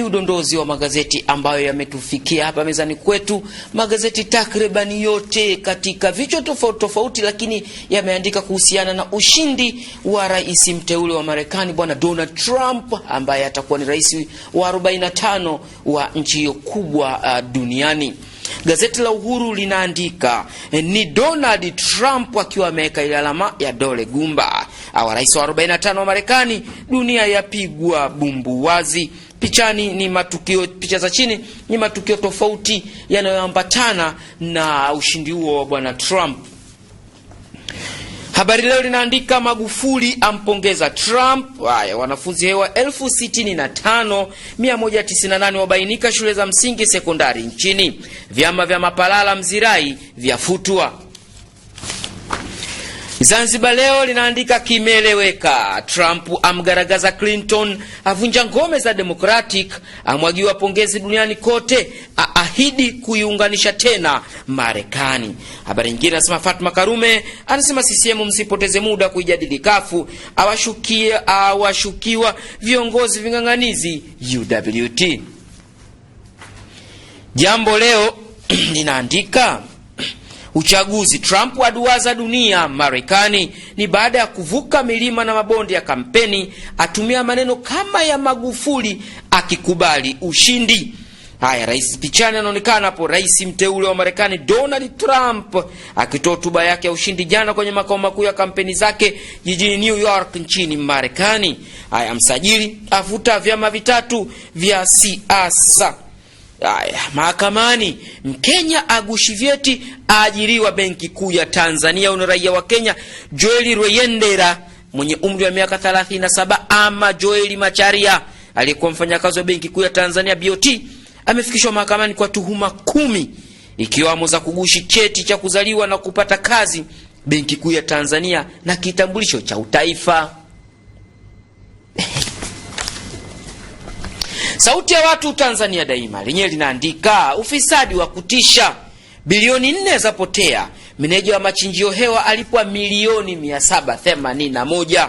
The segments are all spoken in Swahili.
ni udondozi wa magazeti ambayo yametufikia hapa mezani kwetu. Magazeti takribani yote katika vichwa tofauti tofauti, lakini yameandika kuhusiana na ushindi wa rais mteule wa Marekani bwana Donald Trump ambaye atakuwa ni rais wa 45 wa nchi hiyo kubwa uh, duniani. Gazeti la Uhuru linaandika eh, ni Donald Trump akiwa ameweka ile alama ya dole gumba awa rais wa 45 wa Marekani, dunia yapigwa bumbu wazi pichani ni matukio, picha za chini ni matukio tofauti yanayoambatana na ushindi huo wa bwana Trump. Habari Leo linaandika Magufuli ampongeza Trump. Haya, wanafunzi hewa elfu wabainika shule za msingi sekondari nchini. Vyama vya mapalala mzirai vyafutwa. Zanzibar Leo linaandika kimeeleweka, Trump amgaragaza Clinton, avunja ngome za Democratic, amwagiwa pongezi duniani kote, aahidi kuiunganisha tena Marekani. Habari nyingine anasema Fatma Karume anasema CCM msipoteze muda kuijadili kafu, awashukia awashukiwa viongozi ving'ang'anizi UWT. Jambo Leo linaandika Uchaguzi Trump aduaza dunia Marekani ni baada ya kuvuka milima na mabonde ya kampeni, atumia maneno kama ya Magufuli akikubali ushindi. Haya, rais pichani anaonekana hapo, rais mteule wa Marekani Donald Trump akitoa hotuba yake ya ushindi jana kwenye makao makuu ya kampeni zake jijini New York nchini Marekani. Haya, msajili afuta vyama vitatu vya siasa. Aya, mahakamani. Mkenya agushi vyeti aajiriwa Benki Kuu ya Tanzania. Huyu raia wa Kenya Joeli Rweyendera mwenye umri wa miaka 37 ama Joeli Macharia aliyekuwa mfanyakazi wa Benki Kuu ya Tanzania BOT amefikishwa mahakamani kwa tuhuma kumi ikiwamo za kugushi cheti cha kuzaliwa na kupata kazi Benki Kuu ya Tanzania na kitambulisho cha utaifa. Sauti ya Watu Tanzania Daima lenyewe linaandika ufisadi wa kutisha, bilioni nne zapotea, meneja wa machinjio hewa alipwa milioni moja.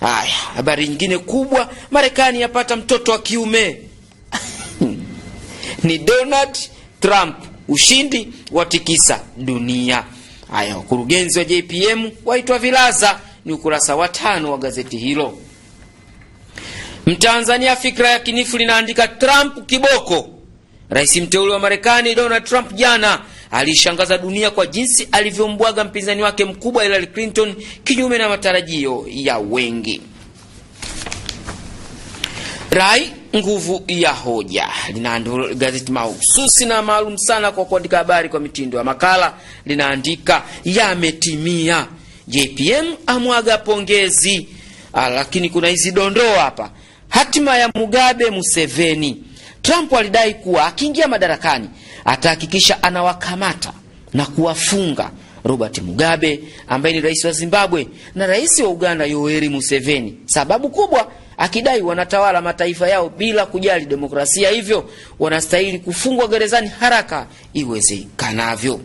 Haya, habari nyingine kubwa, Marekani yapata mtoto wa kiume ni Donald Trump, ushindi watikisa dunia. Haya, wakurugenzi wa JPM waitwa vilaza, ni ukurasa wa tano wa gazeti hilo. Mtanzania fikra ya kinifu linaandika Trump kiboko. Rais mteule wa Marekani Donald Trump jana alishangaza dunia kwa jinsi alivyombwaga mpinzani wake mkubwa Hillary Clinton kinyume na matarajio ya wengi. Rai nguvu ya hoja linaandika gazeti mahususi na maalum sana kwa kuandika habari kwa mitindo ya makala, linaandika yametimia, JPM amwaga pongezi. Ah, lakini kuna hizi dondoo hapa Hatima ya Mugabe Museveni. Trump alidai kuwa akiingia madarakani atahakikisha anawakamata na kuwafunga Robert Mugabe ambaye ni rais wa Zimbabwe na rais wa Uganda Yoweri Museveni. Sababu kubwa akidai wanatawala mataifa yao bila kujali demokrasia, hivyo wanastahili kufungwa gerezani haraka iwezekanavyo.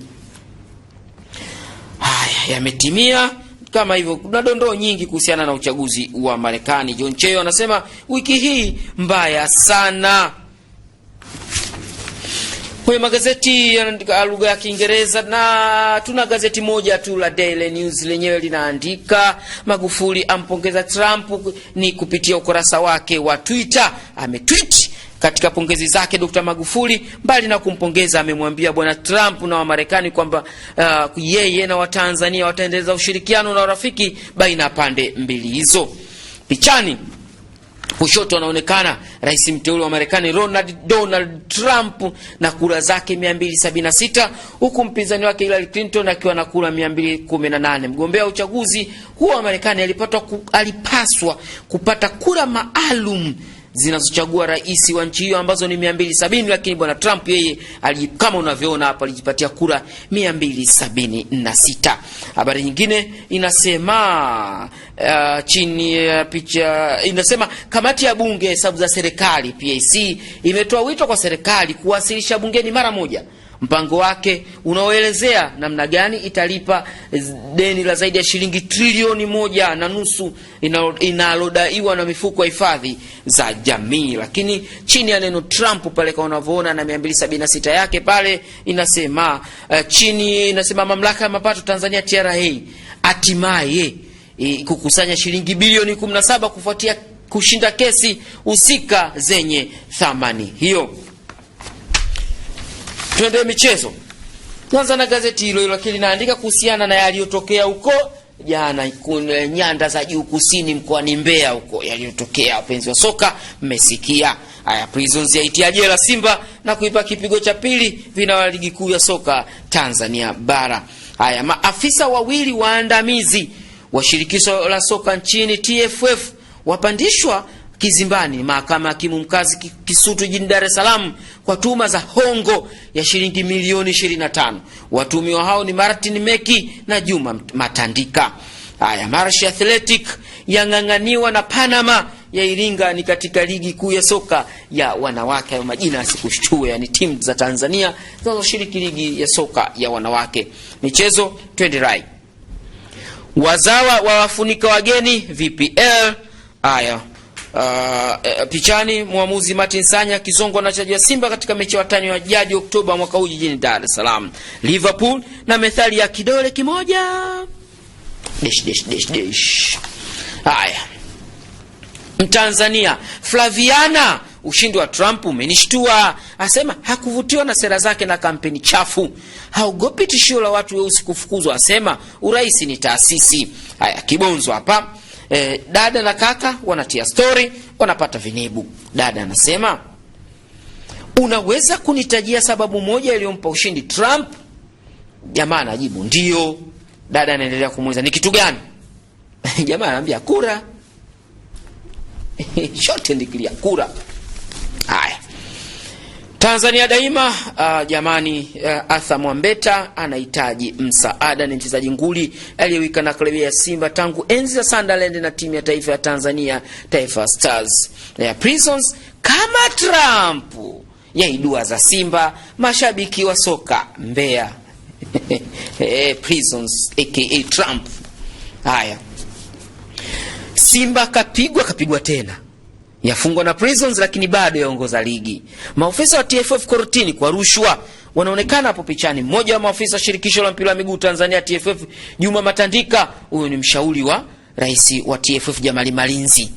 Haya yametimia kama hivyo. Kuna dondoo nyingi kuhusiana na uchaguzi wa Marekani. John cheo anasema wiki hii mbaya sana. Kwenye magazeti yanaandika lugha ya Kiingereza na tuna gazeti moja tu la Daily News lenyewe linaandika Magufuli ampongeza Trump, ni kupitia ukurasa wake wa Twitter ametweet katika pongezi zake Dr. Magufuli, mbali na kumpongeza, amemwambia Bwana Trump na Wamarekani kwamba uh, yeye na Watanzania wataendeleza ushirikiano na urafiki baina ya pande mbili hizo. Pichani kushoto anaonekana rais mteule wa Marekani Ronald Donald Trump na kura zake 276 huku mpinzani wake Hillary Clinton akiwa na kura 218. Mgombea wa uchaguzi huo wa Marekani alipaswa kupata kura maalum zinazochagua rais wa nchi hiyo ambazo ni 270, lakini bwana Trump yeye kama unavyoona hapa alijipatia kura 276. Habari nyingine inasema uh, chini ya uh, picha inasema kamati ya bunge hesabu za serikali PAC imetoa wito kwa serikali kuwasilisha bungeni mara moja mpango wake unaoelezea namna gani italipa deni la zaidi ya shilingi trilioni moja na nusu inalodaiwa na mifuko ya hifadhi za jamii. Lakini chini ya neno Trump pale kama unavyoona na sita yake pale inasema uh, chini inasema mamlaka ya mapato Tanzania TRA hatimaye kukusanya shilingi bilioni 17 kufuatia kushinda kesi husika zenye thamani hiyo. Tuende michezo. kwanza na gazeti hilo hilo lakini naandika kuhusiana na yaliyotokea huko jana nyanda za juu kusini mkoani Mbeya huko yaliyotokea, wapenzi wa soka mmesikia. Haya, Prisons yaitia jela Simba na kuipa kipigo cha pili vinawa ligi kuu ya soka Tanzania bara. Haya, maafisa wawili waandamizi wa shirikisho la soka nchini TFF wapandishwa kizimbani mahakama ya kimu mkazi Kisutu jijini Dar es Salaam kwa tuhuma za hongo ya shilingi milioni 25. Watumiwa hao ni Martin Meki na Juma Matandika. Haya, Marsh Athletic yang'ang'aniwa na Panama ya Iringa ni katika ligi kuu ya soka ya wanawake. Hayo majina asikushtue, yani timu za Tanzania zinazoshiriki ligi ya soka ya wanawake. Michezo twende rai, wazawa wawafunika wageni VPL. Haya. Uh, eh, pichani mwamuzi Martin Sanya kizongo na chaji ya Simba katika mechi ya watani wa jadi Oktoba mwaka huu jijini Dar es Salaam. Liverpool na methali ya kidole kimoja dish, dish, dish, dish. Haya, Mtanzania Flaviana, ushindi wa Trump umenishtua, asema hakuvutiwa na sera zake na kampeni chafu, haogopi tishio la watu weusi kufukuzwa, asema urais ni taasisi. Haya, Kibonzo hapa e, dada na kaka wanatia stori, wanapata vinibu. Dada anasema unaweza kunitajia sababu moja iliyompa ushindi Trump? Jamaa anajibu ndio. Dada anaendelea kumuuliza ni kitu gani? Jamaa anaambia kura. shote ndikilia kura. Tanzania Daima. Uh, jamani uh, Arthur Mwambeta anahitaji msaada. Ni mchezaji nguli aliyewika na klabu ya Simba tangu enzi za Sunderland na timu ya taifa ya Tanzania Taifa Stars ya Prisons. Kama Trump yaidua za Simba, mashabiki wa soka Mbeya eh, Prisons aka Trump. Haya, Simba kapigwa kapigwa tena yafungwa na Prisons lakini bado yaongoza ligi. Maofisa wa TFF korotini kwa rushwa wanaonekana hapo pichani. Mmoja wa maofisa wa shirikisho la mpira wa miguu Tanzania TFF, Juma Matandika, huyo ni mshauri wa rais wa TFF Jamali Malinzi,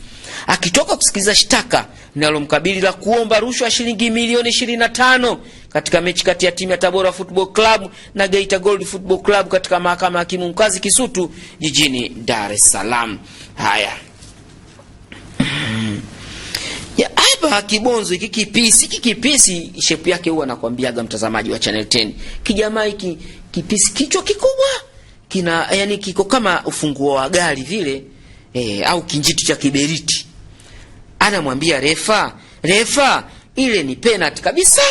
akitoka kusikiliza shtaka linalomkabili la kuomba rushwa ya shilingi milioni 25 katika mechi kati ya timu ya Tabora Football Club na Geita Gold Football Club katika mahakama ya hakimu mkazi Kisutu jijini Dar es Salaam. Haya hakibonzo hiki kipisi hiki kipisi, shepu yake huwa anakwambiaga mtazamaji wa Channel 10 kijamaa hiki kipisi, kichwa kikubwa kina yani kiko kama ufunguo wa gari vile e, au kinjiti cha kiberiti. Anamwambia refa, refa, ile ni penalty kabisa.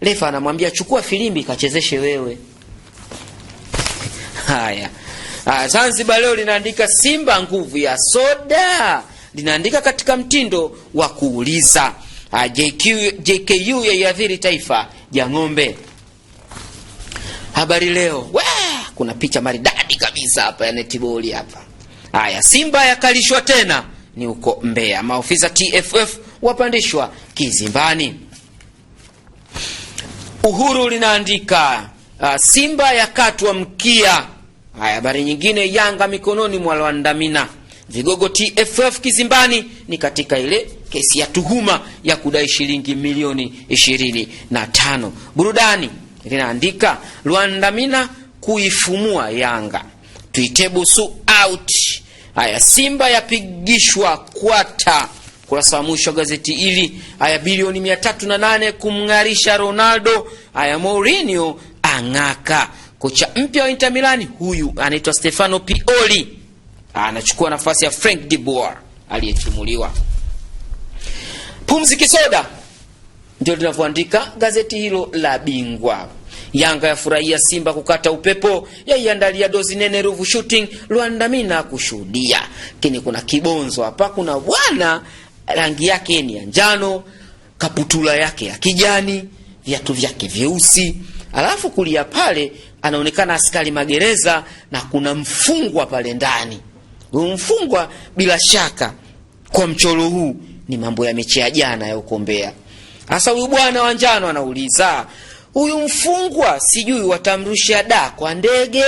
Refa anamwambia chukua filimbi kachezeshe wewe. Haya, ah, Zanzibar leo linaandika Simba nguvu ya soda linaandika katika mtindo wa kuuliza. Ah, JKU yaiathiri taifa ngombe Habari Leo we, kuna picha maridadi kabisa hapa ya netiboli hapa. Haya, Simba yakalishwa tena ni huko mbea Maofisa TFF wapandishwa kizimbani. Uhuru linaandika uh, Simba yakatwa mkia. Haya, habari nyingine, Yanga mikononi mwa Lwandamina vigogo TFF Kizimbani ni katika ile kesi ya tuhuma ya kudai shilingi milioni ishirini na tano. Burudani linaandika Rwandamina kuifumua Yanga, tuitebusu out. Haya, Simba yapigishwa kwata kurasa wa mwisho wa gazeti hili. Haya, bilioni mia tatu na nane kumng'arisha Ronaldo. Haya, Mourinho ang'aka. Kocha mpya wa Inter Milani huyu anaitwa Stefano Pioli. Ah, anachukua nafasi ya Frank de Boer aliyetimuliwa. Pumzi kisoda ndio linavyoandika gazeti hilo la Bingwa. Yanga yafurahia Simba kukata upepo, yaiandalia dozi nene Ruvu Shooting, Lwandamina kushuhudia. Lakini kuna kibonzo hapa, kuna bwana rangi yake ni ya njano, kaputula yake ya kijani, viatu vyake vyeusi, alafu kulia pale anaonekana askari magereza na kuna mfungwa pale ndani. Mfungwa bila shaka kwa mchoro huu ni mambo ya mechi ya jana ya ukombea. Hasa huyu bwana wa njano anauliza, huyu mfungwa sijui watamrusha da kwa ndege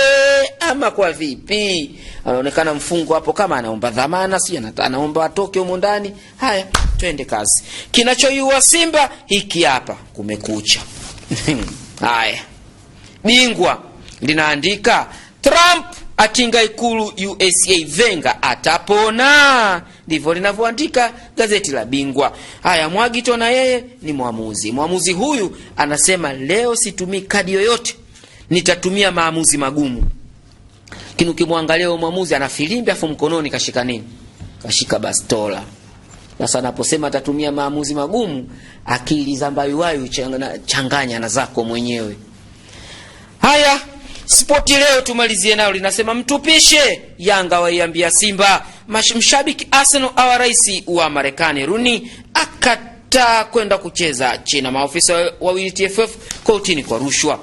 ama kwa vipi? Anaonekana mfungwa hapo kama anaomba dhamana, si anaomba atoke humo ndani. Haya, twende kazi. Kinachoiua Simba hiki hapa, kumekucha. Haya, bingwa linaandika Trump atinga Ikulu USA Venga atapona, ndivyo linavyoandika gazeti la Bingwa. Haya, Mwagito na yeye ni mwamuzi. Mwamuzi huyu anasema leo situmii kadi yoyote, nitatumia maamuzi magumu. Lakini ukimwangalia huyo mwamuzi ana filimbi, afu mkononi kashika nini? Kashika bastola. Sasa anaposema atatumia maamuzi magumu, akili za mbayuwayu changanya na zako mwenyewe. Haya. Spoti leo tumalizie nayo linasema mtupishe, Yanga waiambia Simba. Mshabiki Arsenal awa rais wa Marekani. Rooney akataa kwenda kucheza China. Maofisa wawili TFF kotini kwa rushwa.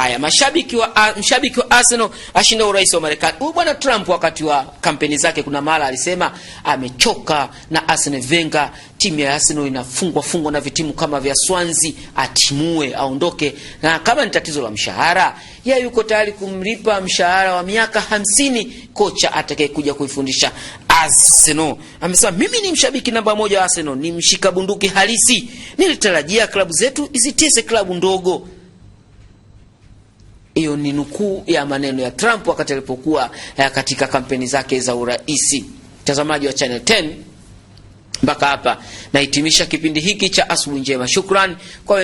Haya, mashabiki wa uh, mshabiki wa Arsenal ashinda urais wa Marekani. Huyu bwana Trump wakati wa kampeni zake kuna mara alisema amechoka na Arsenal Wenger, timu ya Arsenal inafungwa fungwa na vitimu kama vya swanzi atimue aondoke, na kama ni tatizo la mshahara, yeye yuko tayari kumlipa mshahara wa miaka hamsini kocha atakayekuja kuifundisha Arsenal. Amesema mimi ni mshabiki namba moja wa Arsenal, ni mshika bunduki halisi. Nilitarajia klabu zetu izitese klabu ndogo hiyo ni nukuu ya maneno ya Trump wakati alipokuwa eh, katika kampeni zake za uraisi. Mtazamaji wa Channel 10, mpaka hapa nahitimisha kipindi hiki cha Asubuhi Njema. Shukran kwa